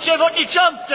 przewodniczący!